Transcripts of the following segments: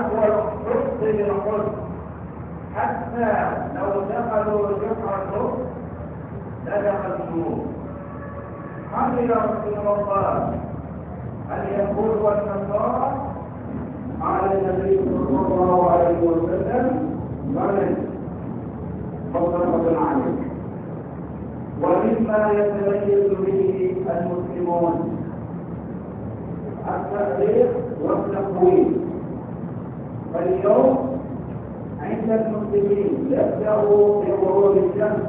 هو الصدق للقلب حتى لو دخلوا جمع الصدق لدخل الشروط حمد رسول الله يقول والنصارى على النبي صلى الله عليه وسلم من فضل عنه ومما يتميز به المسلمون التأليف والتقويم فاليوم عند المسلمين يبدأ بغروب الشمس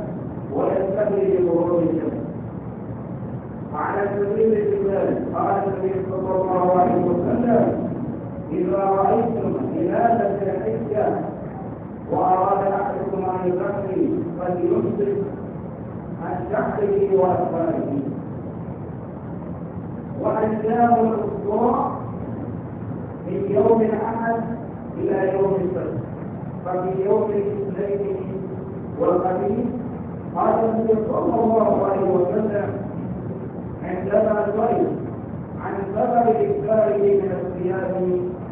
ويستمر بغروب الشمس وعلى سبيل المثال قال النبي صلى الله عليه وسلم إذا رأيتم هلال الحجة وأراد أحدكم أن يغني فليمسك عن شعره وأسفاره وأيام الأسبوع من يوم الأحد إلى يوم السبت ففي يوم الاثنين والخميس قال النبي صلى الله عليه وسلم عندما الغيب عن سبب إكثاره من الصيام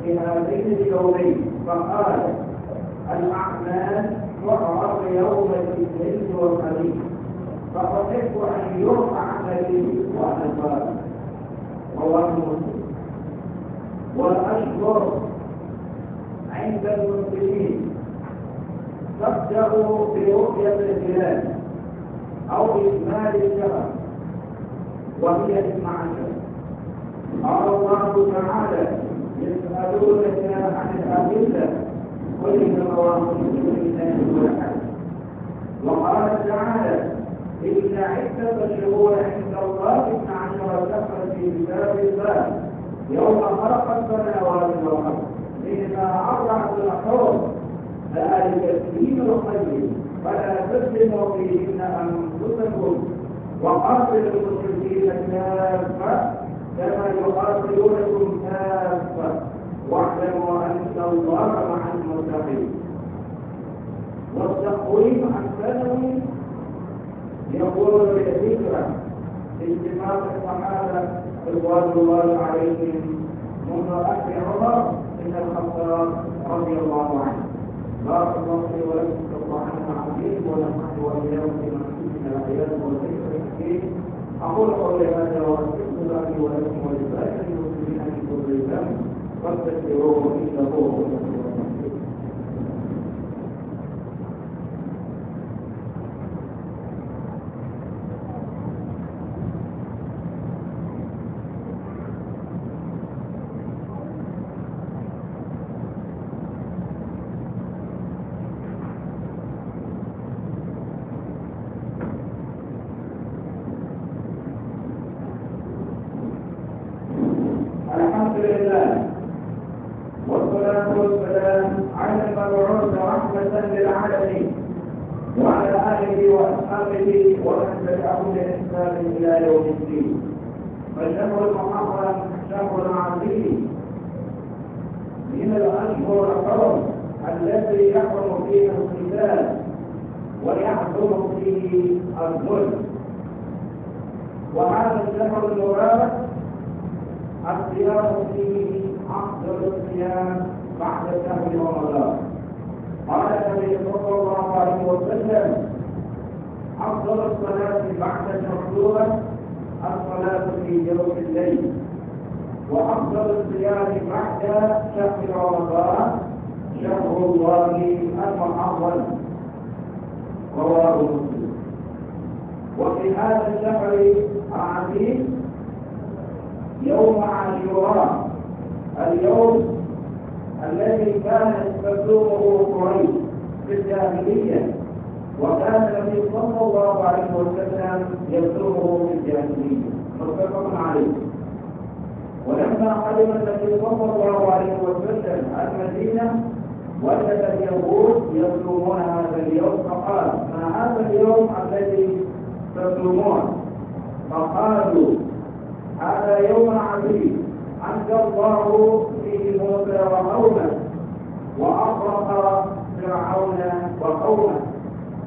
في هذين اليومين فقال الأعمال تعرض يوم الاثنين والخميس فأحب أن يرفع عملي وأنا وهو المسلم والأشهر عند المسلمين تبدأ برؤية الهلال أو إكمال الشهر وهي اثنا عشر قال الله تعالى يسألونك عن الأدلة قل إن الله وقال تعالى إن عدة الشهور عند الله اثنا عشر شهرا في كتاب الله يوم خلق السماوات والأرض فيما عرض الحر لا لتسليم الخير فلا تسلموا فيهن انفسكم وقاتلوا المشركين كافه كما يقاتلونكم كافه واعلموا ان الله مع المتقين والتقويم عن يقول بالذكرى اجتماع الصحابه رضوان الله عليهم منذ اخر عمر بن الخطاب رضي الله عنه بارك الله في القرآن العظيم ونفعت وإياكم واياه في من الآيات والذكر الحكيم أقول قولي هذا وأستغفر لي ولكم ولسائر المسلمين من كل ذنب فاستغفروه إنه هو الغفور أصحابه ومن تبعهم بإحسان إلى يوم الدين فالشهر المحرم شهر عظيم من الأشهر الحرم التي يحرم فيها القتال ويحكم فيه الظلم وهذا الشهر المبارك الصيام فيه أفضل الصيام بعد شهر رمضان قال النبي صلى الله عليه وسلم أفضل الصلاة بعد المكتوبة الصلاة في جوف الليل وأفضل الصيام بعد شهر رمضان شهر الله المحرم رواه مسلم وفي هذا الشهر العظيم يوم عاشوراء اليوم الذي كانت تصومه قريش في الجاهليه وكان النبي صلى الله عليه وسلم يسره في الجاهلية متفق عليه ولما قدم النبي صلى الله عليه وسلم المدينة وجد اليهود يصومون هذا اليوم فقال ما هذا اليوم الذي تصومون فقالوا هذا يوم عزيز أنزل الله فيه موسى وقومه وأغرق فرعون وقومه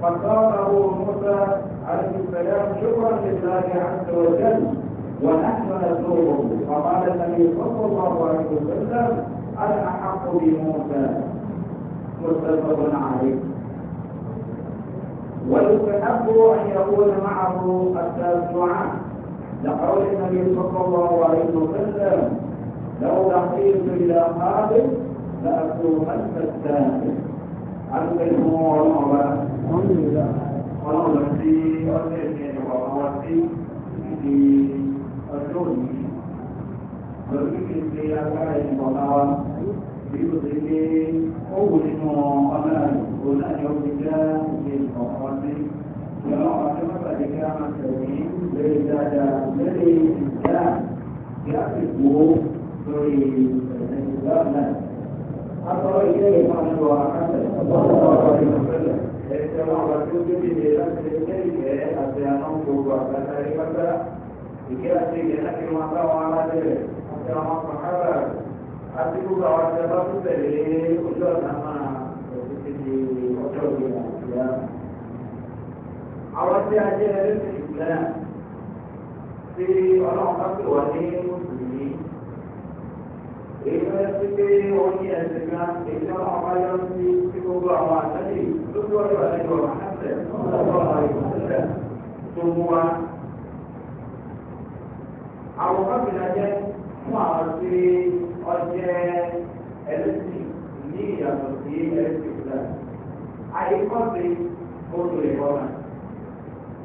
فقاله موسى عليه السلام شكرا لله عز وجل ونحن نزوره فقال النبي صلى الله عليه وسلم انا احق بموسى متفق عليه ويستحب ان يكون معه التاسعان لقول النبي صلى الله عليه وسلم لو دخلت الى قابل لاكون الثالث عن المعلومه ọlọ́run tí ọ̀sẹ̀ ìṣẹ̀lẹ̀ wà wá sí ìdí ọjọ́ òní lórí kéde agbára ìmọ̀ta wa bí o ti ní ó wù nínú ọ̀nà ìgbòláyà ó ti dá ìdí ìkọ̀ọ̀kan sí ìyọ̀nà ọ̀sẹ̀ mọ́tàdé kí a máa tẹ̀lé lórí dáadáa lórí ìjà kí a sì wò ó lórí ìṣẹ̀lẹ̀ ìgbà náà. a sọ ilé ìfọ̀nù wa a sọ̀rọ̀ ọ̀rọ̀ ìfọ̀nù ẹ̀sẹ̀ wọn bá tó tóbi lè láti ṣe ìgbẹ́ àti àwọn gbogbo àgbàtà ìpátá ìgbẹ́ àti ìgbẹ́ láti wọn bá wọn aládé rẹ̀ àti àwọn pàkàrà àti gbogbo àwọn àti ẹbá tó tẹ̀lé ojú ọ̀nà máa ẹ̀sẹ̀ ti di ọjọ́ ìgbẹ́ àti ìyá. àwọn tí a jẹ́ ẹlẹ́sìn ìgbẹ́ náà tí ọlọ́run bá pè wá ní mùsùlùmí èyí tó yẹ sí pé ó ní ẹsẹ̀ kan èyí tó máa wáyé sí sí gbogbo àwọn àtẹ́lẹ̀ lójú ọ̀rọ̀ ẹ̀jọ̀ àtẹ̀ lọ́wọ́ àìsàn tó mú wa. àwọn kọ́bìnrin ajẹ́ fún àwọn tí ọjẹ́ ẹlẹ́sìn ní ìyàtọ̀ sí ẹlẹ́sìn ìgbà. àyíkọ́sí oṣù ìbọ̀nà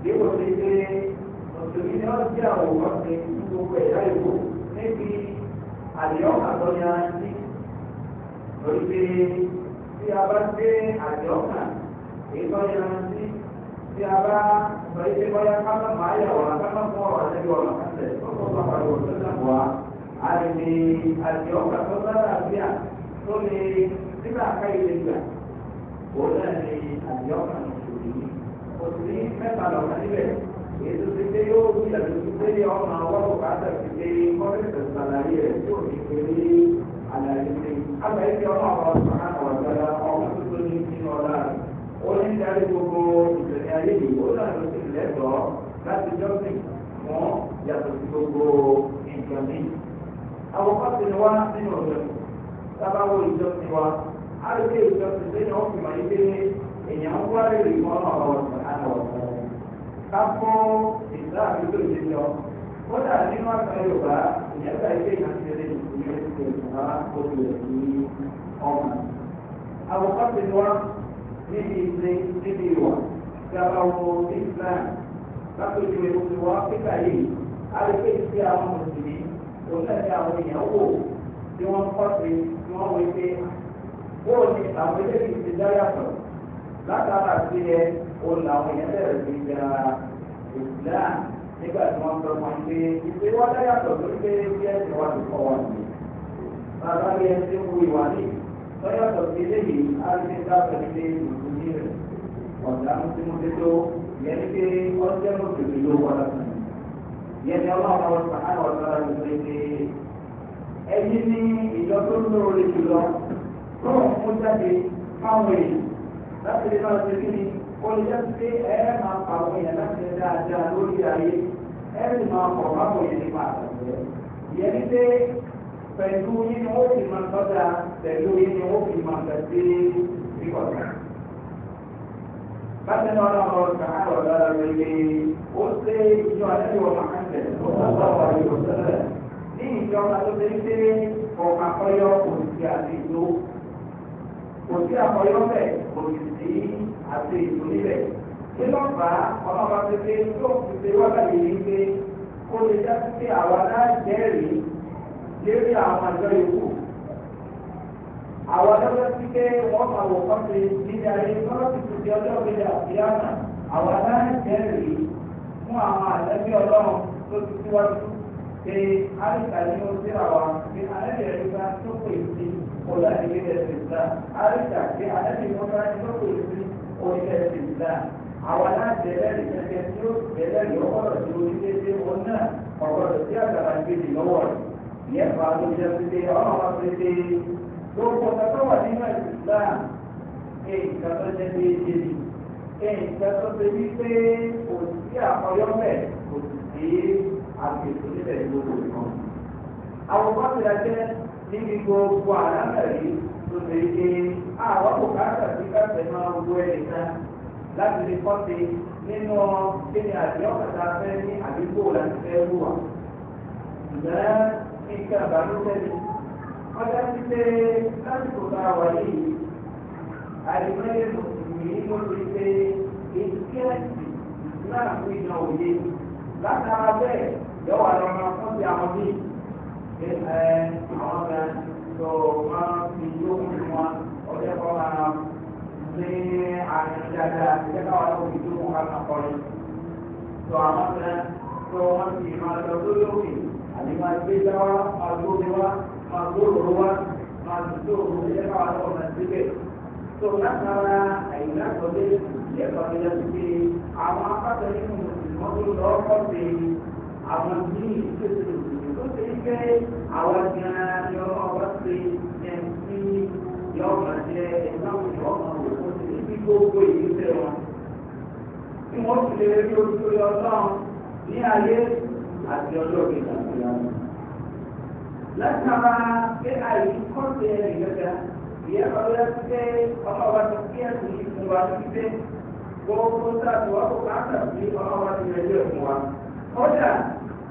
ni ó jẹ́ àwòrán sí gbogbo ẹ̀yà ìbò níbi àdéhùn àtọ́ ni a ń sí lórí pé tí a bá gbé àdéhùn kan èyí tó ni a ń sí tí a bá sọ yìí pé bóyá ká má máa yà wọ́n ká má fún ọ̀rọ̀ lẹ́yìn ọ̀rọ̀ kan tẹ̀ ọ̀pọ̀ bá pariwo tó nà wá a lè ní àdéhùn kan tó sára àbíà tó ní nígbà ká ilé gbà òun náà ní àdéhùn kan òṣèlú òṣèlú mẹ́ta lọ́kàn níbẹ̀ èyí tó ti dé yóò wí délé ọmọ àwọn bùkátà ti dé kọ́mẹ́tì sàlàyé rẹ̀ tí ò ní pé ní àlàyé ṣe. Àgbáyé ti ọmọ àwọn sàkà àwọn ọ̀dọ́dá ọmọ tuntun ní sínú ọ̀la. Ó ní darí gbogbo ìṣẹ̀lẹ̀ ayé yìí, ó náà ló ti lẹ́tọ̀ọ́ láti jọ́sìn fún yàtọ̀ sí gbogbo nǹkan mi. Àwọn kọ́sì ni wá nínú ọ̀dọ̀ sábàwò ìjọsìn wa. Á lè gbé ìjọsìn lẹ́yìn ọ̀sùn màá yí láàbí tó ṣe lọ kódà nínú àtàn yorùbá ìyàtọ̀ ilé ìkànsílẹ̀ ìpínlẹ̀ èkó ìjọba oṣù ẹ̀sìn ní ọmọ. àwòkọ́ ti wá níbi ìṣe níbi ìwà ìjọba wo islam lápẹjù ẹ̀kọ́ ti wá pípa yìí alẹ́pẹ́ ìṣe àwọn mùsùlùmí òun náà ní àwọn èèyàn wò tí wọ́n kọ́ sí tí wọ́n wọ pé bóòlù ni àwọn eléyìí ti dá yàtọ̀ látara sí ẹ òun làwọn èèyàn bẹ̀rẹ̀ sí í islam nígbà tí wọ́n sọ wọn pé ìpè wọn dáyàtọ̀ lórí pé bí ẹsẹ̀ wọn ti kọ́ wọn nìyí. bàbá rí ẹni tí ń wo ìwà ní lọ́yàtọ̀ sí eléyìí alẹ́dá pẹ̀lú pé ìlú ní rẹ̀ ọ̀dà ń tí mo ti tó yẹn ní pé ọjọ́ mọ̀tòkì ló wọ́n lọ́sàn yẹn ni ọlọ́run ọ̀sán àwọn ọ̀sán ọ̀sán ọ̀sán ẹ̀yìn ní ìjọ tó lóore jùlọ tó ń mú jáde fáwọn èèyàn láti lè máa ṣe kí ni ó lè jẹ́ pé ẹ máa pa àwọn èèyàn láti ẹ dáadáa lórí ayé ẹ sì máa pọ̀ báwọn èèyàn nípa àtàkùn ìyẹn ní pé pẹ̀lú yín ni wọ́n fi máa tọ́jà pẹ̀lú yín ni wọ́n fi máa tẹ̀ sí ìkọ̀tà. Bákan náà náà lọ sàn án lára rere ó ṣe ìjọ àti ọmọ àkàtẹ̀ ó sábà wà ní òṣèlè ní ìjọba tó ṣe ń pé ọ̀pọ̀ kò sí àti kò sí àkọyọ bẹ́ẹ̀ kò sì sí àti ìtòlílẹ̀ kí ló fà á ọlọ́ba tó ké tó fi ṣe wákàtí yìí pé kó lè dá sí pé àwa náà jẹ́rìí lérí àwọn àjọ yòókù àwọn adájọ́ sí pé wọ́n máa wò kán ṣe nílé ayé lọ́wọ́ ti tún di ọjọ́ ìgbélé àbíyáná àwọn adájọ́ jẹ́rìí fún àwọn àdájọ́ ọlọ́run tó ti síwájú pé àríkà ni ó sí àwa pé àdájọ́ rẹ̀ bá tó pè sí ọ̀la ìgbélé ẹ̀sìn náà àríkà pé àdájọ́ ìmọ̀ta ni ó pè sí oníṣẹ́ ti gbà àwọn aláṣẹ ẹlẹ́rìí kẹ̀kẹ́ tí ó ẹlẹ́rìí ọgbọ́dọ̀ tí orílẹ̀ èdè wọn náà ọgbọ́dọ̀ tí àgbàlá ń gbèdè lọ́wọ́ rẹ̀ ìyẹn fà á ló jẹ́ pété ọ̀rọ̀ wọn pété gbogbo ọ̀tọ̀ wà nínú ìgbà nǹkan tó jẹ́ déédéé ni nǹkan tó ṣe wípé kò sí àkọyọ́mẹ̀ kò sì sí àgbègbè nílẹ̀ gbogbo nǹkan. àwòkọ́ ti tó ṣe é pé ah, àwọn kò káàkiri sí káàkiri máa wo ẹnìkan láti lè kọ́ sí nínú kíni àti ọ̀kàtà fẹ́ ní àdúgbò láti fẹ́ wù wá. ìgbà nǹkan àbálòpẹ́ ni wọ́n dá sí pé lásìkò tá a wà yìí àdìmọ́lẹ̀ mùsùlùmí ló ti pé ìkíyèsí náà fún ìyá òye látara bẹ́ẹ̀ yọ̀wọ̀ àwọn ọmọ fún ti àwọn bíi àwọn ọmọ náà tó máa fi yóò fún wọn ọjọ́ kan máa ní àmì dáadáa ìjẹ́ káwọn ló fi yóò ká máa kọrin tó àwọn fẹ́ tó wọ́n ti máa lọ lórí òkè àti máa gbé dáwà máa gbóni wá máa gbóòrò wá máa dùdú òru ìjẹ́ káwọn ló máa síbẹ̀ tó látara àyìnlá tọ́lé ìjẹ́ kan lè yẹ kí àwọn apáta nínú ìmọ̀tò lọ́kọ̀ọ́ àwọn ní ìṣèṣe tó ṣe ń gbé àwọn gan-an yọ ọ̀rọ̀ ṣe ẹ̀ sí yọ ọ̀rọ̀ jẹ ìgbàwọ̀ yọ ọ̀rọ̀ kò sí ní gbogbo ìgbésẹ̀ wọn. tí wọ́n ti lè rí ojú ọlọ́run ní ayé àti ọjọ́ ìgbà tó yá wọn. látara pé àìsíkọ́ ṣe ìgbẹ́ta ìyẹn lọ lọ sí pé ọlọ́wà ti kí ẹ̀sìn yìí fún wa sí gbogbo sáà tí wọ́n kó káàkiri ọlọ́wà ti rẹ̀ lé ẹ̀fún wa. kódà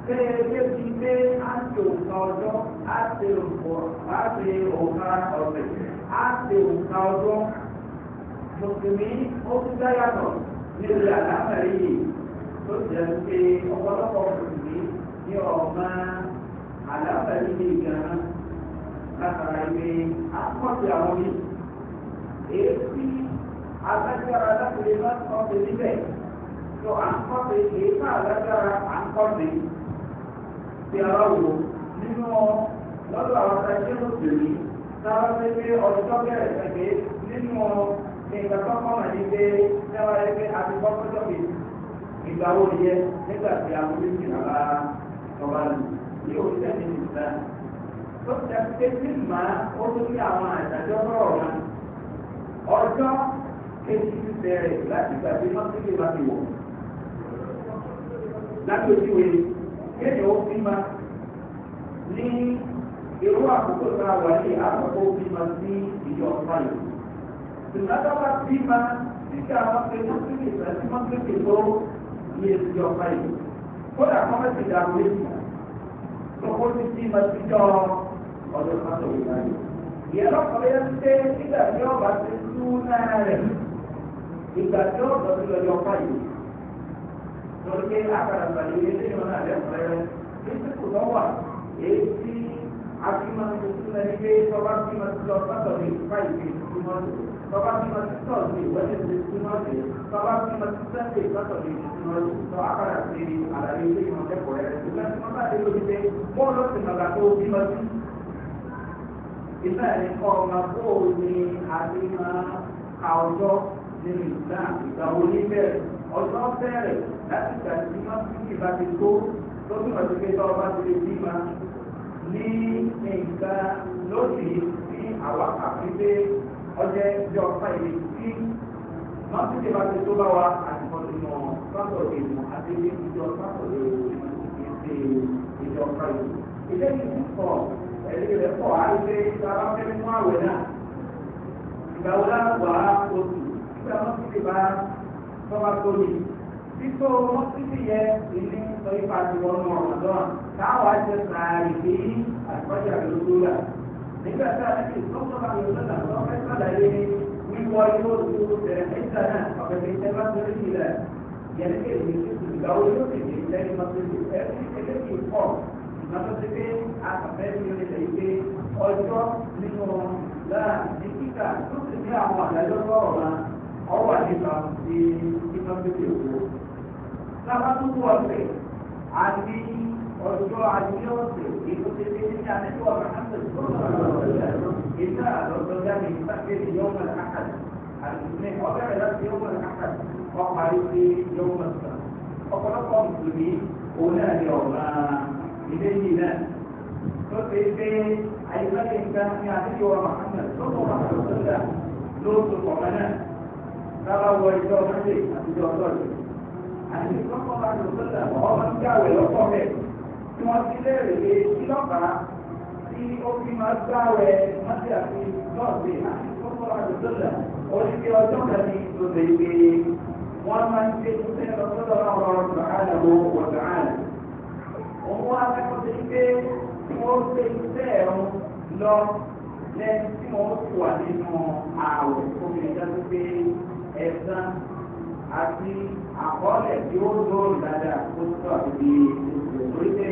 bẹ́ẹ̀ débi pé á ti ọjọ́ á ti òǹkọ̀ á ọ̀sẹ̀ á ti ọjọ́ mùsùlùmí ó ti dáyàtọ̀ nílùú àlámẹ̀rí yìí tó jẹ́ pé ọ̀pọ̀lọpọ̀ mùsùlùmí ní ọ̀ọ́mọ àlámẹ̀rí yìí gan-an látara ìwé akọ́sí àwọn mi. èyí alágbára láti lè níbẹ̀ tó à ń kọ́sí èyí ti ara wò nínú lọ́dọ̀ àwọn ọ̀sẹ̀ tí ó sì rí sára pé pé ọdún tó bẹ̀rẹ̀ pẹ̀lú nínú nǹkan tó kọ́ mọ̀ ní pé sára rẹ̀ pé a ti gbọ́ pẹ́jọ́ mi ìgbà wo yẹ nígbà tí a wọlé sí bàbá ọba lù ní òṣìṣẹ́ mi ní ìgbà tó ṣe pé tí mà á ó tún ní àwọn àdájọ́ bọ̀rọ̀ wọn ọjọ́ kejì ti bẹ̀rẹ̀ láti gbàgbé lọ́sílẹ̀ wá wọ̀ láti ojú wẹ̀ kéèyàn ó bímọ ní irú àkókò tá a wà ní àkókò bímọ sí ìyá ọ̀pá yìí. Tùmọ̀tà bá bímọ títí àwọn pẹ̀lú sílẹ̀ ìgbàsí wọn kéde tó ní ìyá ọ̀pá yìí. Kódà kọ́ mẹ́tì dàrú èyí. Tọ́kọ́ ti bímọ síjọ́ ọdún pátó ìgbà yìí. Ìyá lọ́kọ̀ọ́ yẹn ṣe nígbà tí ọba ti tú náà rẹ̀. Ìgbà tí ọ̀dọ́ ti lọ yọ ọ̀pá yìí lórí pé àkàràgbà ní ilé tí wọn àlẹ́ ọ̀rẹ́ rẹ bísíkù lọ́wọ́ èyí tí akímọ̀ tó tún lẹ́ni pé tọ́ba tí mo ti lọ sọ́tọ̀ ní ìfúnpá ìgbé ìtumọ̀ tọ́ba tí mo ti sọ̀ ní ìwọ́lẹ̀ ní ìtumọ̀ rẹ̀ tọ́ba tí mo ti sẹ́ńtẹ̀ ìsọ̀tọ̀ ní ìtumọ̀ rẹ̀ tọ́ àkàrà sí àlàyé ilé ìmọ̀ lẹ́kọ̀ọ́ rẹ̀ ṣùgbọ́n tí wọ́n bá dé lórí pé wọ́n lọ sí màgà tó bímọ sí. ìfẹ́ ní kọ́ ọmọ bóòlù ni àti máa àwùjọ nínú ìgbà ìgbà wo ní bẹ́ẹ̀ ọjọ́ bẹ̀rẹ̀ láti gbà tí wọ́n fi ní ìbá ti tó lórí ìrọ̀lẹ́gbẹ́ tó ọba ti lè bí ma ní nǹkan lónìí ní àwa àfi pé ọjọ́ ẹgbẹ́ ọ̀pá ìlú tí wọ́n ti lè bá ti tó bá wa àtìmọ́tìmọ́ sátọ̀dé mọ́ adébí ìjọ sátọ̀dé ìṣe ìjọ ọ̀pá ìlú. ilé yìí pọ̀ ẹ̀rí rẹ̀ pọ̀ àìsè ìtara fẹ́ mú àwẹ̀ náà ìgbà wo lára wà á oṣù nígbà wọ́n ti bá tọ́ba tó ní títọ́ mọ́sídìí yẹ ilé sọ ipa ti wọnú ọ̀dọ́n táwọn àjẹ sàárì ní àtúbọ̀jà lójú rà nígbà tí a ti tọ́kọ̀ bá yọ sọ́dà tó fẹ́ sọ́dà yé wíwọ yóò tó tẹ̀lé ẹ̀ta náà ọ̀pẹ̀ tí ẹ bá tó lé ti rẹ̀ yẹn ní kéde ní ìgbàwó yóò ti di lẹ́yìn mọ́sídìí ẹ ti kéde kì í pọ̀ ìmọ̀tọ́sí pé àkàfẹ́ ti rí lẹ́yìn pé ọjọ́ nínú láà ní kíkà tó sì ní àwọn àdájọ́ sọ̀rọ̀ náà àdìbà sí kíkọ́sílì òkú. Lábá tó kú ọ̀sẹ̀ àti ọjọ́ àti ọ̀sẹ̀ ètò tètè ní àdìbò àmàlẹ́ tó lọ́wọ́ ìta àlọ́jọ́ jáde ìtàkéde yọ̀mọ̀ àkàdé àdìbò ọ̀bẹ̀rẹ̀ láti yọ̀mọ̀ àkàdé ọ̀parí sí yọ̀mọ̀ sàn. Ọ̀pọ̀lọpọ̀ mùsùlùmí òun náà ni ọ̀gá ilé yìí náà tó ṣe é pé àyíká lè ń gbá ní àdìbò àmàlẹ́ tó sábà wọ ìjọ mọ́tè àti ìjọ ọlọ́ọ̀dẹ. àti ìkọ́kọ́ bá lò sọ́dà ọmọ ń kàwé lọ́kọ́ rẹ̀ tí wọ́n ti léèrè pé kí lọ́pàá tí ó fi máa gbáwẹ̀ mọ́tè àti lọ́ọ̀dẹ àti ìkọ́kọ́ bá lò sọ́dà ó ní kí ọjọ́ kan ní lóde ìgbé wọ́n máa ń gbé tuntun lọ sọ́dọ̀ ọ̀rọ̀ sàánàwó wọ̀sàánà. tí wọ́n gbé iṣẹ́ ẹ̀rọ lọ lẹ́yìn tí wọ́n wà nínú ààwẹ̀ ẹ̀sán àti àkọọ́lẹ̀ tí ó dóòrò dáadáa tó tó àbíbí orí pé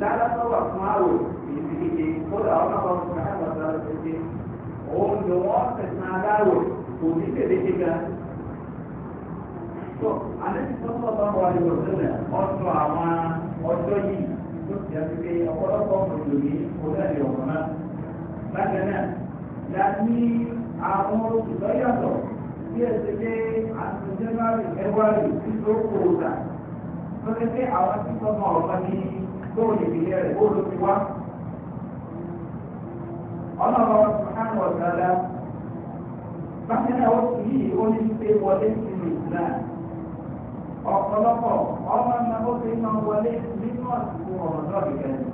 lálásọ wà fún àrò ìdíje kódà ọmọ àwọn ọmọ náà lọ sọ ṣẹṣẹ òun ni wọn tẹsán aláwọ kò ní tẹlẹ ṣe ga. tó àlejò tó ń bọ̀ bá wà lórí òṣèlè ọ̀sùn àwọn ọjọ́ yìí tó ti àti pé ọ̀pọ̀lọpọ̀ mùsùlùmí orílẹ̀-èdè ọ̀hún náà. bákan náà bí ẹ ṣe pé àti january february tí ó kó o tà tó ṣe pé àwọn tí sọmọ ọ̀gbọ́n ní tóun ìpìlẹ̀ rẹ̀ ó ló ti wá. ọlọ́run sùkánù ọ̀dọ́dá bákan náà ó sì yí ó ní pé wọlé sínú ìlà ọ̀pọ̀lọpọ̀ ọmọ náà ó ti máa wọlé nínú àsìkò ọ̀dọ́ ìgbẹ́ni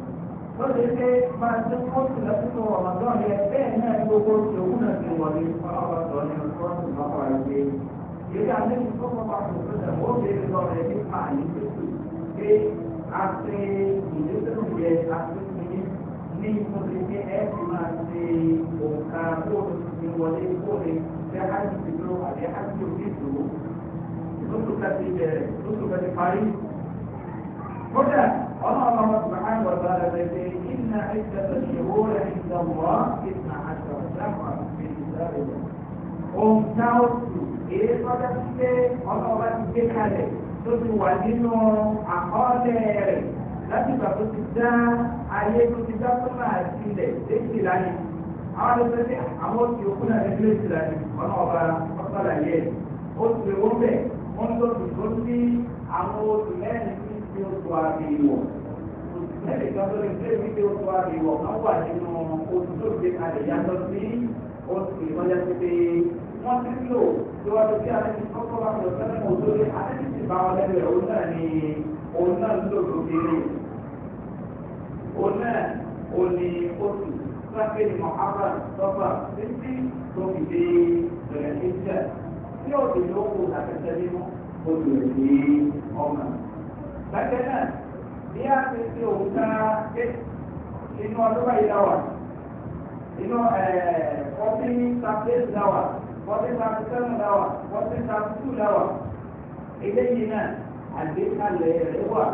ó lè ṣe máa tún kóòtù lásìkò ọ̀mọ̀dọ́ yẹ bẹ́ẹ̀ náà ní gbogbo oṣù òun náà ti wọlé ọlọ́wọ́ sọ ní kóòtù lọ́wọ́ àìgbé yìí dá lẹ́yìn tó kọ́ pa kò tó dàgbọ́ ó béèrè lọ rẹ̀ nípa àyíkéṣù pé a ṣe ìdíkùn yẹ àtúnṣe ní ìfúnni pé ẹ ti máa ṣe òǹkà kóòtù ti wọlé kóòtù ṣe àti ìdúró àti àti òkè ìdúró lóṣù kàti bẹ̀rẹ̀ lóṣù kàti parí kódà ọlọ́run ọmọ sùgbọ́n àgbọ̀dọ̀ rẹ̀ rẹ̀ pé kí ní àìsàn tó ṣe owó rẹ̀ ìjọ wọ́ ìtàn àṣọ ìjàpá fi ìjọ rẹ̀ lọ. ohun tá ó tù èé sọ́jà sí pé ọlọ́ọ̀bá ti gbé kalẹ̀ tó ti wà nínú àkọọ́lẹ̀ rẹ̀ láti ìgbà tó ti dá ayé tó ti dá sọ́nà àti ilẹ̀ létí láyé àwọn àlejò ní àwọn òkè òkú náà ní létí láyé ọlọ́ọ̀bá ọ̀sán àyẹ̀ ó ti wọ́n bẹ̀ wọ́n tó ti tó sí àwọn oṣù mẹ́rin tí ó tó àbí wọ̀ lẹ́yìn kan tó lè gbé mi tí ó tó àbí wọ̀ kan wà nínú oṣù tó gbé kalẹ̀ yàtọ̀ sí oṣù ìmọ̀lẹ́ pípé wọ́n ti lò síwájú bí alẹ́ ti kọ́kọ́ bá lọ sẹ́lẹ̀ mọ́ tó lé alẹ́ ti ti bá wọn lẹ́nu ẹ̀ òun náà ni òun náà ń lò lókèrè òun náà ò ní oṣù sáfẹ́ ni mọ̀hábà sọ́fà títí tó fi dé bẹ̀rẹ̀ ní sẹ́ẹ̀ tí ó ti lóko àtẹ̀tẹ̀ nínú oṣù rẹ̀ ní ọmọ bákan náà bí a ti fi òun tara inú ọdún báyìí náà wà inú eh, forty thirty eight náà wà forty thirty seven náà wà forty thirty two náà wà eléyìí náà àgbékalẹ̀ rẹ̀ wà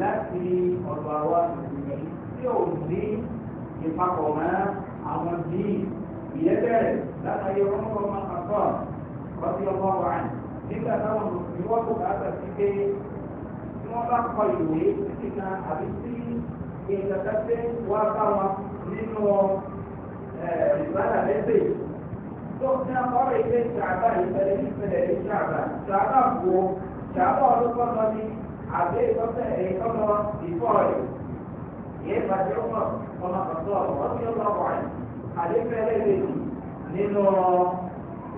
láti ọ̀dọ̀ àwa ìgbìmọ̀ tí ò ní ìpapọ̀ mọ́ àwọn bíi ìyẹn bẹ̀rẹ̀ látàrí ọmọkọ̀ máa kọ̀ ọ́ bí ọmọ wa nígbà táwọn mùsùlùmí bá tà sí pé tí wọ́n bá kọ ìwé síta àbí sí ìgbàgbọ́sẹ̀ wá bá wọn nínú ìbára lẹ́sẹ̀ tó ní ọ̀rọ̀ ilé ṣàbá ìfẹ̀lẹ̀ ìfẹ̀lẹ̀ ní ṣàbá ṣàbá wo ṣàbá ọlọ́pọ̀ lọ ní àbẹ́ ìtọ́sẹ̀ ìtọ́nà ìfọ̀rẹ̀ yẹn bàjẹ́ ọmọ ọmọ ọ̀tọ̀ ọtí ọmọ ọ̀rẹ́ àdéfẹ́lẹ́ lè nínú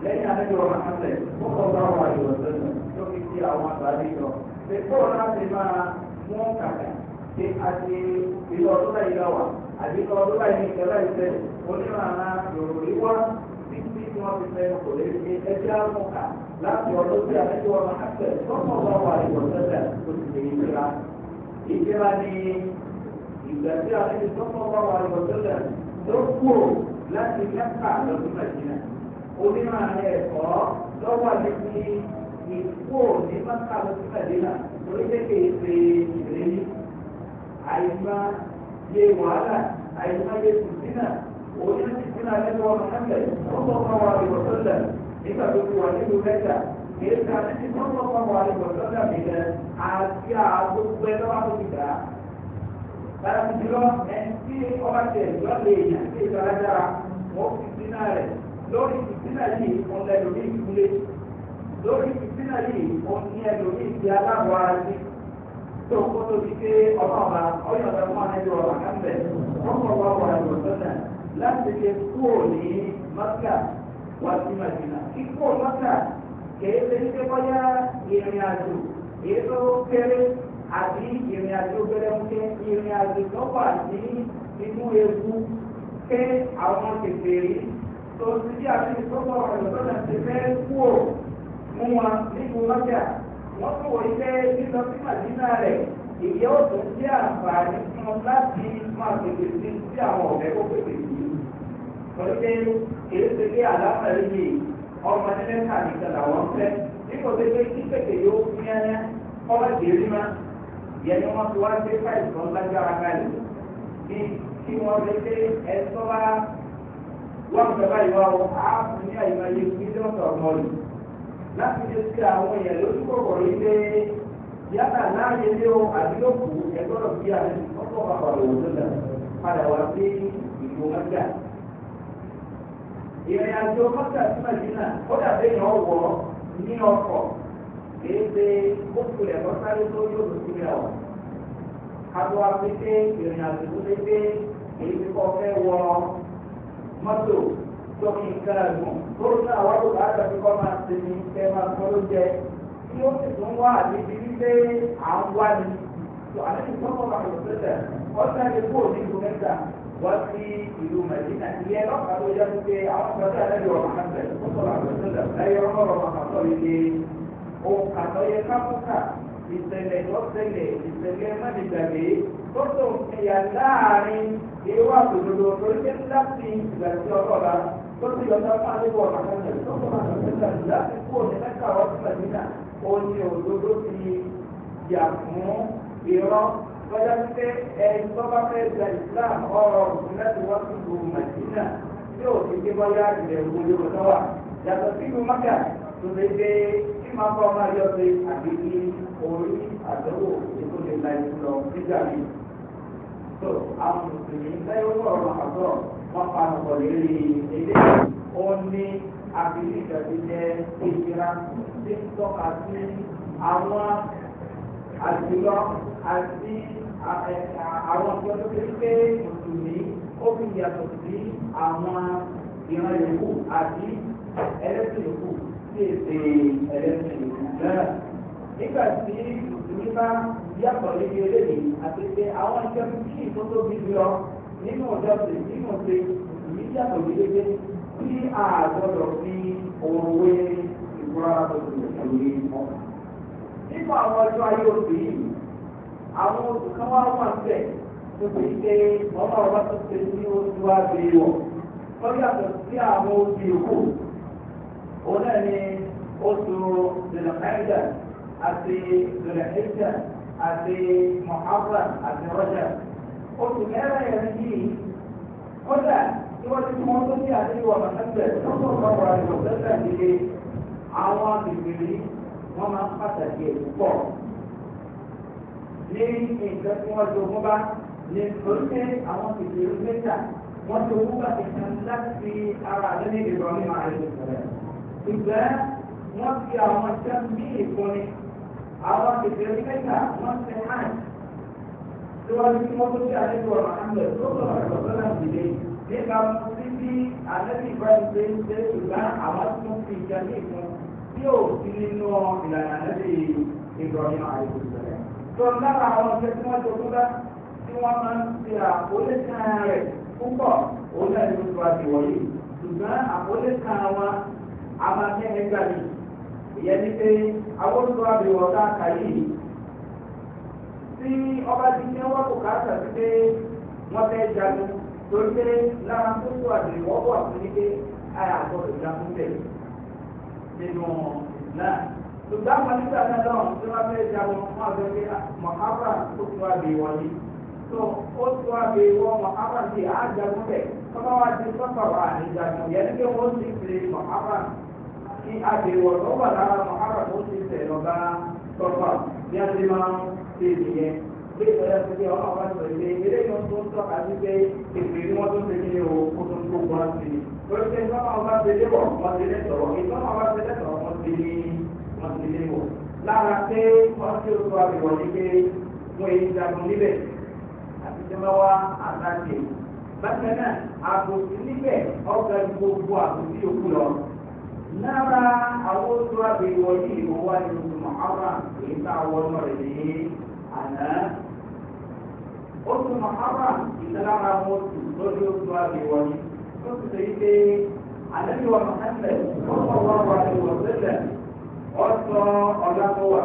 lẹ́yìn àdéjọ́ ọmọ àtẹ̀ ó kọ́ bá wà ìwọ̀sẹ̀ tó fi di àwọn àgbàdo pé bóun láti máa mú kàkà pé àti ìlú ọdún báyìí lọ wà àbí lọ ọdún báyìí ní ìjọba ìṣẹ̀lẹ̀ onímọ̀ràn yòrò wíwá títí tí wọ́n fi fẹ́ kò lè fi ẹjẹ́ àmúkà láti ọdún tí àtẹ́jọ́ ọmọ àtẹ̀ tọ́pọ̀ bá wà ìwọ̀sẹ̀lẹ̀ tó ti lè ìlera. ìlera ni ìgbà tí àtẹ́jọ́ tọ́pọ̀ bá wà ìwọ̀sẹ̀lẹ̀ tó kúrò láti mẹ́ta lọ́dún mẹ́jìnà ìkó ní mọ́tà lọ sí mẹ́lẹ́là lórí kéèké ṣe ìrèlí àyùmá yé wàhálà àyùmá yé tùsínà òní tùsínà nínú ọmọ hàmẹ́ ọmọ ọmọ wa rẹ̀ wọ̀sọ́lẹ̀ nígbà tó ti wà nínú mẹ́ta kìí ta títí ọmọ ọmọ wa rẹ̀ wọ̀sọ́lẹ̀ mi lẹ àti àgbogbo ẹ̀ lọ́wọ́ tó ti dà á. Lára lọ ẹni tí ọba tẹ̀ lọ́lẹ̀ èèyàn sí ìtọ́lájára wọ́n fi sínú rẹ̀ lórí ìsínà yìí ọ̀nà ìlú lórí ìsínà yìí òun ní ẹlòmíì ti aláwọ̀ ara sí tó kó tó di pé ọlọ́ọ̀ba ọ̀yọ̀dà fún àlejò ọ̀rọ̀ kánbẹ̀ wọ́n kọ̀ wá wà lọ sọ́nà láti lè kúrò ní mọ́tíkà wá sí màdìnà kíkó mọ́tíkà kèé lè ṣe bọ́yá ìrìn àjò èyí tó kéré àbí ìrìn àjò gbẹdẹmúkẹ ìrìn àjò tó wà ní inú ewu pé àwọn tètè rí tó ti di àti ìtọ́jú ọ̀rọ̀ lọ́sọ̀nà ti fẹ́ kúrò fún wa nígun lọ́jà wọ́n tún wọ ilé lílọ sí màdínà rẹ̀ èyí ó tún jẹ́ àǹfààní fún wọn láti máa pèsè sí sí àwọn ọ̀rẹ́ kó pèsè sí i. pẹ̀lú pé èyí ṣe pé àlámọ̀rí yìí ọmọ nílẹ̀ kàdìkan làwọn fẹ́ nípa pé pé kí pèsè yóò fún yẹn kọ́lá ìdérí má yẹn ni wọ́n ti wá gbé fáìlì kan lágbára kalẹ̀ bí kí wọ́n lè dé ẹ̀sọ́ bá wọ́n fẹ́ báyìí wá wọ́n ní àyè láti lè ṣe àwọn èèyàn lójú kọ̀ọ̀kọ̀ yìí pé yàtà náà yẹ lé o àdílòkù ẹgbọ́dọ̀ bí àlẹ́ ọkọ̀ bàbà lòun tó dà padà wá sí ìlú mẹ́ta. ìrìn àjò mọ́tà sí màdínà ó dàbí èèyàn wọ̀ ní ọkọ̀ kìí ṣe ó sáré tó yóò tó kájọ ìrìn àjò tó lé èyí ti kọ́ fẹ́ lórí nǹkan ẹ̀gbọ́n tó ní àwọn tó bá tẹ̀sí kọ́ máa ṣe ní ẹ máa kọ́ ló jẹ tí ó sì tún wá àdébí wípé à ń wá ni tó àdébí tó kọ́ máa lọ sílẹ̀ ọ̀sán lè kó ní ìlú mẹ́ta wá sí ìlú mẹ́dínà ìyẹn lọ́kàá ló yẹ pé àwọn ìgbàgbọ́ àlejò ọ̀rọ̀ máa ń tẹ̀lé tó kọ́ máa lọ sílẹ̀ lẹ́yìn ọlọ́rọ̀ máa kọ́ ilé òǹkà tó yẹ káfíńkà ìṣẹ̀lẹ̀ lọ́sẹ̀lẹ̀ ìṣẹ̀lẹ̀ mẹ́nìgbàgbé tó tó ń fìyà láàrin ewu àtòdodo tó tó ti yọ ọjọ́ fún àdébọ̀ àkàtà tó tó máa tẹ̀lé ìgbàlódé láti kú òní mẹ́ta ọ̀sùn mẹ́ta òní òdodo ti yà fún ìran lọ́jọ́ pé ẹni tó bá fẹ́ gba Islam ọ̀rọ̀ òfin láti wá sí ìlú Màdínà tí ò fi gbé bọ́yá ilẹ̀ ìwòye òtọ́ wà yàtọ̀ sí ìlú Mákà tó lè gbé kí máa bá ọmọ ayọ́ pé àbí ní orí àdánwò ètò ìlà ìlú lọ nígbà mi. tó àwọn mùsùlùmí lẹ́yìn ọ̀rọ̀ àtọ̀ wọ́n panu pọ̀ lérí ilé ó ní abilika ti jẹ́ ìṣura tí ń tọ́ka sí àwọn àjùlọ àti àwọn tí wọ́n ti pé mùsùlùmí ó fi yàtọ̀ sí àwọn ìran yòókù àti ẹlẹ́sìn yòókù sí èdè ẹlẹ́sìn yòókù náà nígbà tí mùsùlùmí bá yàtọ̀ níbi eléyìí àti pé àwọn ìṣẹ́gun kí ìtótóbi lọ nínú ọjọ́ sí nínú ṣe èyí yàtọ̀ gbẹgbẹ tí a gbọdọ̀ fi òwe ìfura tuntun pẹ̀lú ìmọ̀. nínú àwọn ọjọ́ ayé oṣù yìí àwọn oṣù kan wá wà níbẹ̀ tó ti ṣe ọmọ ọba tó ṣe ní oṣù àgbéyọ̀ lọ́jọ́ àtọ̀ sí àwọn oṣù yòókù òun náà ni oṣù dèlàkáìdà àti dèlàkéjà àti mọ̀hábà àti rọ́jà oṣù mẹ́rẹ̀ẹ̀rin yìí kódà tí wọ́n ti mọ tó ní àdéhùn ọ̀nà ẹgbẹ́ lọ́sọ̀ lọ́wọ́ àìsàn lẹ́sẹ̀ nílé àwọn agbègbè wọn máa ń pàtàkì ẹ̀ púpọ̀ ní nǹkan tí wọ́n jogún bá ní oríṣi àwọn agbègbè mẹ́ta wọ́n jogún bá ìtàn láti ara àdéhùn ìrọ̀lẹ́ máa ń sọ̀rọ̀ ìgbẹ́ wọ́n fi àwọn ṣẹ́ bí ìfúnni àwọn agbègbè mẹ́ta wọ́n ti hàn síwájú tí wọ́n tó ṣe àlejò ọ̀rọ̀ àmì tó sọ̀rọ̀ ẹ̀kọ́ sọ́nà ìdílé nípa sí bí àlejò ìbáraẹni ṣe ń ṣe ṣùgbọ́n àwọn tó ń fi ìjà ní ìfún tí ò sí nínú ìlànà àlejò ìgbọ̀nyìn àìkú ìṣẹ̀lẹ̀. tó lára àwọn ọ̀sẹ̀ tí wọ́n tó kúta tí wọ́n máa ń ṣe àkólé kan rẹ̀ púpọ̀ òun náà ló yìí tí ọba ti ní wọ́n kò káàkà sí pé wọ́n fẹ́ jagun torí pé lára tó tó àdìrí wọ́n bọ̀ fún ní pé àyà àgbọ̀dọ̀ jagun tẹ̀ nínú náà ṣùgbọ́n àwọn nígbà náà lọ́wọ́ tí wọ́n fẹ́ jagun wọ́n àgbẹ̀ pé mọ̀hábà tó tó àdìrí wọ́n ní tó ó tó àdìrí wọ́n mọ̀hábà ti á kọ́mọ́ wa ti wà ní yẹn ní pé wọ́n ti fi mọ̀hábà ní a ṣe nìyẹn bí ìtọ́jà ti di ọmọ àwọn àti ìwé ilé ìwọ̀n tó ń tọ́ka sí pé èpè ni wọ́n tó ṣe nílé o kó tó ń tó wá sí i. lórí pé ìtọ́jà àwọn bá ṣe lébọ̀ wọ́n ti lẹ́tọ̀ọ́ ìtọ́jà àwọn bá ṣe lẹ́tọ̀ọ́ wọ́n ti ní wọ́n ti lébọ̀. lára pé wọ́n ti rú àbẹ̀wọ̀ ní pé wọ́n èyí jagun níbẹ̀ àti tí wọ́n wá àtàkì. bákan náà àbòsí níbẹ̀ ọ̀gá gbogbo àbòsí yòókù lọ lára àwọn tó àná oṣù mahara ìdára oṣù lórí oṣù àbẹ̀wọ̀nyí tó ti sè é pé àlejò ọmọ ẹ̀mẹ̀ ọ̀pọ̀ wọn wà ní wọ̀sẹ̀lẹ̀ ọ̀sọ̀ ọ̀làkọ̀wà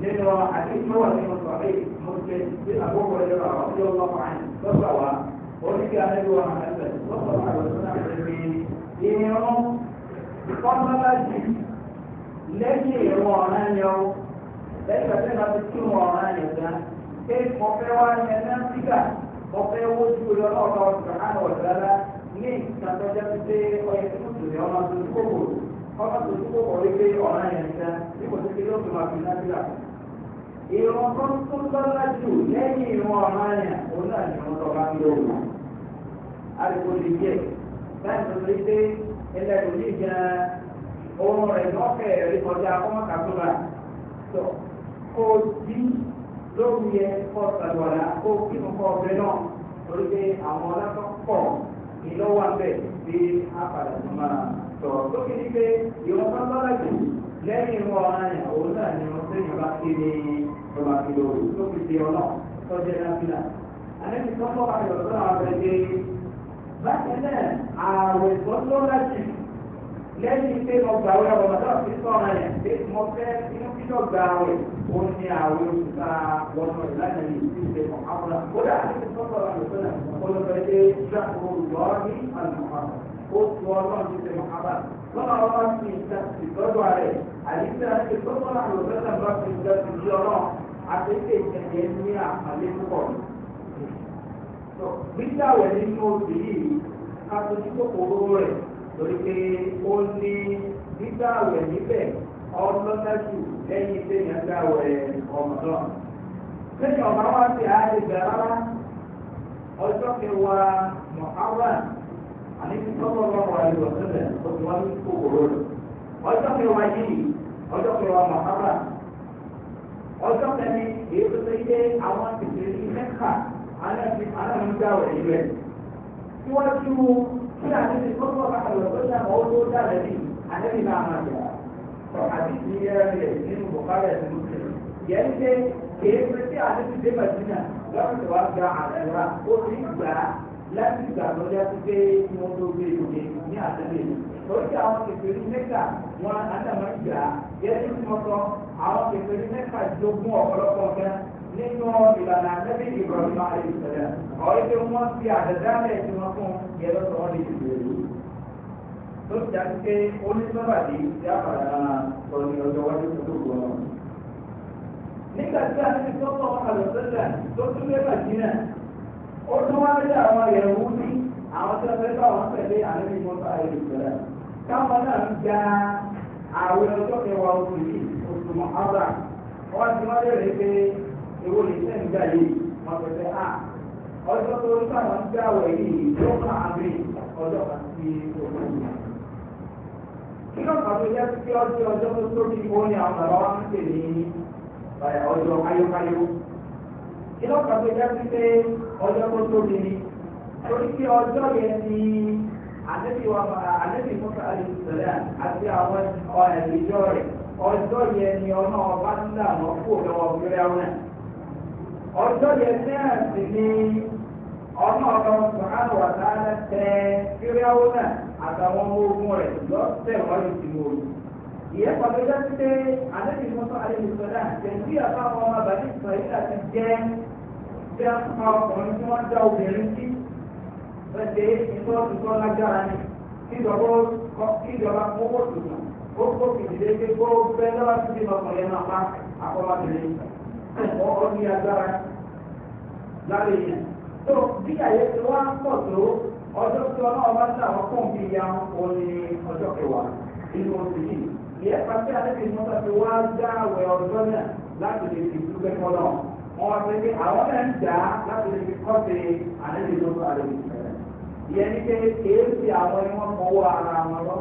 nínú àdéhùn wà nínú sọ̀rọ̀ mọ̀tẹ́ sí àkókò ẹ̀rọ ọ̀dọ́ ọlọ́mọ àyìn lọ́sọ̀ wa oníkì àlejò ọmọ ẹ̀mẹ̀ lọ́sọ̀ wà lọ́sọ̀ àbẹ̀wọ̀nyí ìrìn lẹ́yìn lẹ́yìn ọ̀sẹ̀ náà ti tún wọn ọ̀ràn yẹn gan pé ọ̀fẹ́ wa ń yẹn náà sígà ọ̀fẹ́ owó tí o lọ ọ̀dọ̀ ọ̀sán àná ọ̀dọ̀lára ní ìtàn tó jẹ́ pé ọyẹ tí mo tòlẹ̀ ọmọ tó tó kòkòrò ọmọ tó tó kòkòrò wípé ọ̀ràn yẹn gan bí kò sí kéde òkè máa fi náà sígà. ìrùn tó tó lọ́lá jù lẹ́yìn ìrùn ọ̀ràn yẹn òun náà ni wọ́n lọ́ọ́ bá ń lò wọ́n. àdìgbò lè jẹ́ láì tó lè dé ẹlẹ́gbẹ̀ẹ́ òun rẹ̀ lọ́kẹ̀ẹ́ rí kọjá ọmọ kó o jí lóru yẹ kó o sàlùwàlà kó o kí mo kọ ọbẹ náà torí pé àwọn ọlọ́pàá pọ̀ ní lọ́wọ́ abẹ bí a padà tó máa sọ lókè ní pé ìwọ̀n tó lọ́la jù lẹ́yìn ìwọ̀n ọ̀ràn yẹn òun náà ni wọ́n sẹ́yìn bá ké ní ọba kìlọ̀ tó fi di ọ̀nà tọ́jú ẹ̀ náà alẹ́ ti tọ́kọ́ ayọ̀ tó àwọn abẹ dé bákan náà ààrẹ tó lọ́la jù lẹ́yìn pé mo gbàwé ọ̀rọ̀ náà fi sọ̀rọ̀ yẹn pé mo fẹ́ inú kí ó ní àwọn oṣù tá a wọnú ìlànà yìí ti ṣe mọ̀hámúra kódà àti sọ́kọ̀ àlùfẹ́lẹ̀ olùfẹ́lẹ́ ìṣàkóso lọ́ọ̀rí àlùmọ̀hámù ó tu ọlọ́run ti ṣe mọ̀hámúra lọ́nà ọba ti ìta ìtọ́jú rẹ̀ àyíká ti sọ́kọ̀ àlùfẹ́lẹ̀ bá ti ìta ìṣe ọlọ́run àti ìṣe ìṣẹ̀yẹ ní àpàlẹ́ púpọ̀ gbígbàwẹ̀ nínú oṣù yìí kátójú lẹ́yìn tí èèyàn gbà wẹ̀ ọ̀mọ̀dán. lẹ́yìn ọ̀bá wa ti àárẹ̀ gbà rárá ọjọ́ kẹwàá Muharram àníbi tọ́lọ́ bá wà ní ọ̀sẹ̀lẹ̀ ó ti wá ní kòkòrò rẹ̀. ọjọ́ kẹwàá yìí ọjọ́ kẹwàá Muharram ọjọ́ kẹni èyí tó ṣe ilé àwọn tètè ní Mẹ́kà aláǹgbà wẹ̀ ilẹ̀. síwájú kí àníbi tọ́lọ́ bá wà ní ọ̀sẹ̀lẹ̀ ó hadisi ya rage yin bukari da muslim yanke ke fi àdìsí dé madina lọ́wọ́ tó wá gba àdúrà ó ti gbà á láti gbà lọ́jà tó gbé wọn tó gbé lóde ní àtẹlẹ lórí àwọn kékeré mẹ́ta wọn àtàwọn gbà á yẹtí tí wọn sọ àwọn kékeré mẹ́ta jogún ọ̀pọ̀lọpọ̀ ọ̀gá nínú ìlànà àtẹ́bí ìbọ̀lùmọ́ àyè ìṣẹ̀lẹ̀ ọ̀rẹ́dẹ̀ wọn fi àdàdà rẹ̀ tí wọn fún yẹlọ́sọ̀ọ́ lè dìbò tó ti dá pé ó ní sábàdí ìyá padà sọ ní ọjọ́ wájú tó tó gbọ́ náà. nígbà tí a ti tọ́kọ̀ àlọ́sọ́jà tó tún lé bàjínà ó tún wá lé àwọn ìyẹ̀wò ní àwọn tí wọ́n fẹ́ bá wọn tẹ̀lé àlejò mọ́tò ayélujára káwọn náà ń gba àwọn ọjọ́ kẹwàá oṣù yìí oṣù mọ́hábà wọ́n ti wọ́n kí ló fà tó yẹ kí ọjọ́ ọjọ́ tó tóbi ó ní àwọn bàbá wa ń pè ní ọjọ́ káyókáyó kí ló fà tó yẹ kí pé ọjọ́ tó tóbi ni torí pé ọjọ́ yẹn ni àdébíwá àdébí mọ́tà àdébísọ̀lá àti àwọn ìjọ rẹ̀ ọjọ́ yẹn ni ọ̀nà ọba ń dà wọ́n kú lọ́wọ́ gbéra wọn. ọjọ́ yẹn náà sì ni ọ̀nà ọba ọ̀sán àwọn ọ̀sán tẹ gbéra àtàwọn ọmọ ogun rẹ̀ lọ́sẹ̀ wọ́n lè ti mú o. ìyẹn pàtó dájú pé àdébí mọ́tò àdébísọ́dá tẹ̀sí àbáwọn ọmọ àbálí ìsọ̀yìn àti jẹ́ bí a pa ọkùnrin tí wọ́n dá obìnrin sí ẹ̀sẹ̀ ìtọ́sùtọ́ lágbára ni kíjọba owó tuntun ó kó fìdílé pé kó bẹ́ lọ́wọ́ sí ti ọkùnrin náà pa àkọ́mọbìnrin ọkọ̀ ní agbára lábẹ́ yẹn. tó bí àyè ti wá pọ̀ tó ọjọ́ tí ọlọ́run bá ṣe àwọn fún bíi ya wọn ní ọjọ́ kẹwàá nínú oṣù yìí ìyẹn pàṣẹ àlejò ìmọ̀ tàbí wá dá àwẹ̀ ọjọ́ náà láti lè fi dúpẹ́ fọ́ náà wọn wá pé pé àwọn náà ń jà láti lè fi kọ́ sí àlejò ìmọ̀ àlejò ìyẹn ní pé kéé àwọn ẹni wọn fọwọ́ ara wọn lọ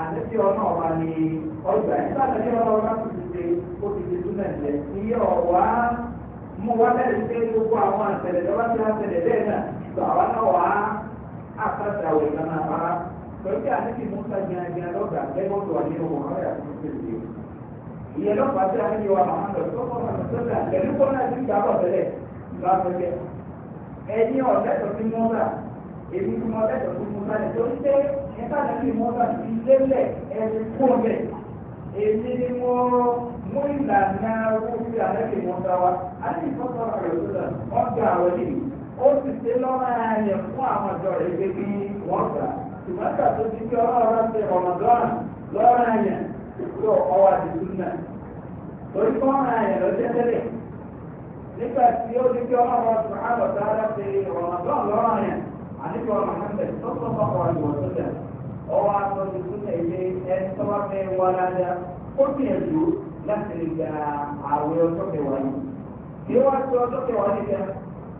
àtẹ́tí ọ̀nà ọ̀ba ni ọgbà ẹ̀ nígbà tẹ́tí ọ̀nà ọ̀ba ti ti ṣe ó ti ti tún náà jẹ iye ọ̀wá mú wá bẹ́ẹ̀ ní pé gbogbo àwọn àtẹ̀lẹ̀ lọ́wọ́ ti àtẹ̀lẹ̀ bẹ́ẹ̀ náà gbà wá náà wá àtàtà wẹ̀ lọ́nà àpárá pẹ̀lú bí àníbi musa jẹnajẹ lọ́gà lẹ́gbọ́n tó wà nínú muhammed àti mùsùlùmí ìyẹn lọ́pàá tí àníbi wa muhammed tó kọ́ ọ̀nà sọ́dà pẹ̀lú kọ́nà àti ìjàbọ̀ tẹ́lẹ̀ lọ́ àpẹẹrẹ ẹni ọ̀lẹ́tọ̀ sí musa èmi tí mo lẹ́tọ̀ sí musa ni dia ń tẹ́ ẹ̀ka àníbi musa ti lélẹ̀ ẹni kú ọ̀bẹ̀ èmi ni mo mú ìlànà owó sí àníbi musa wa àníbi tó kọ́ ọ̀nà sọ́dà ọ̀ ó sì ṣe lọ́nà ẹ̀yẹ fún àwọn ọ̀dọ́ rẹ̀ gbé bí wọ́n gbà ṣùgbọ́n ìgbà tó ti kí ọlọ́run ṣe ọ̀mọ̀dọ́rùn lọ́nà ẹ̀yẹ tó ọwọ́ àdìsún náà torí fọ́nà ẹ̀yẹ ló jẹ́ tẹ́lẹ̀ nígbà tí ó ti kí ọlọ́run ṣe àbọ̀tá ṣe ọ̀mọ̀dọ́rùn lọ́nà ẹ̀yẹ àníbi ọmọ hàmẹ́ tó tó bá wà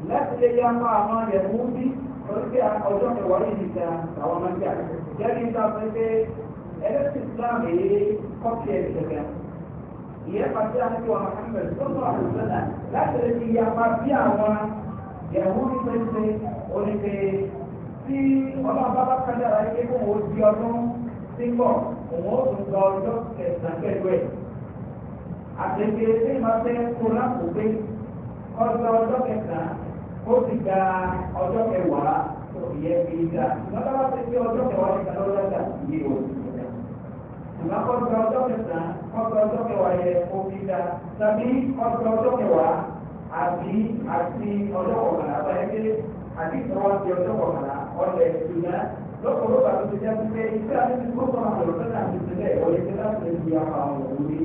láti lè yá mọ́ àwọn ẹ̀mú bí oríṣi ọjọ́ kẹwàá yìí níta àwọn ọmọ ìjà jẹ́rìí níta pé pé ẹlẹ́sìn Islam èyí kọ́pì ẹ̀ gẹ̀gẹ̀ ìyẹn pàṣẹ àti wọn àkànbẹ̀ tó tó àlùfẹ́ náà láti lè fi yá máa bí àwọn ẹ̀mú bí pépé onípe tí ọlọ́ọ̀bá bá kájà láyé pé kóun ó di ọdún tí ń bọ̀ òun ó tún gba ọjọ́ kẹsàn-án pẹ̀lú ẹ̀ àtẹ̀gbẹ́ ó sì gba ọjọ́ kẹwàá ìyẹn fi dà lọ́dọ̀ bá ti fi ọjọ́ kẹwàá yẹn kan lọ́dọ̀ dà yìí o. Ìgbà kọ́ gba ọjọ́ kẹsàn-án kọ́ gba ọjọ́ kẹwàá yẹn ó fi dà tàbí kọ́ gba ọjọ́ kẹwàá àbí àti ọjọ́ kọkànlá báyìí pé àbí ìtọ́wọ́ ti ọjọ́ kọkànlá ọ̀lẹ̀ ìgbìmọ̀ lọ́pọ̀lọpọ̀ àti ìjẹ́ pípé iṣẹ́ àti gbogbo àwọn ọ̀rọ̀ náà ti tí láti lè àwọn òwúrí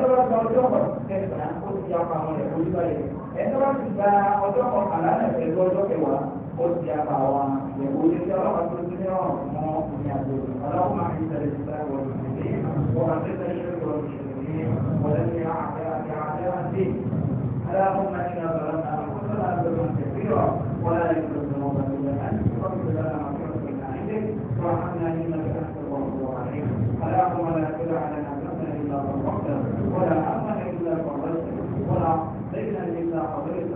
tó bá gba ọjọ́ kẹsàn-án ó ti apá ẹni wọ́n ti gba ọjọ́ kọkànlá náà pẹ̀lú ọjọ́ kẹwàá ó ti apá wa ìyẹ̀wò oníṣẹ́ ọlọ́pàá tó ti ní ọ̀rùn fún ọkùnrin àti obìnrin ọlọ́pàá máa ń tẹ̀lé sí sáà wọ̀lú ìdílé wọ́n ti tẹ̀lé sí wọ̀lú ìdílé wọ́n ti àtẹ àtẹ àtẹ àti اللهم إنا ظلمنا أنفسنا ظلما كثيرا ولا يغفر الذنوب إلا أنت فاغفر لنا مغفرة من عندك وارحمنا إنك أنت الغفور الرحيم اللهم لا تدع لنا ذنبا إلا غفرته ولا أمرا بين النساء قضية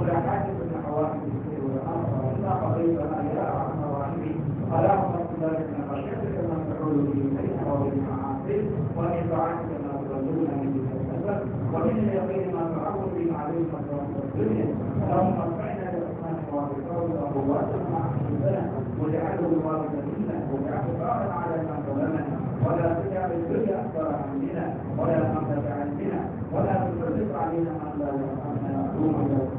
ولا حاجة من حوادث حوائج والأمر إلا قضية أن يرى مواهبه فلا أمر ذلك من خشيتك ما تحول به بينك وبين معاصيك ومن طاعتك ما تولون به تكذب ومن اليقين ما تعول به عليك مصائب الدنيا اللهم ارفعنا برحمن وبفضل وقواتنا مع حبنا واجعله الوارث منا واجعله قائما على ما ظلمنا ولا تجعل الدنيا اكبر همنا ولا مبلغ علمنا ولا تفرق علينا حتى لا نعلم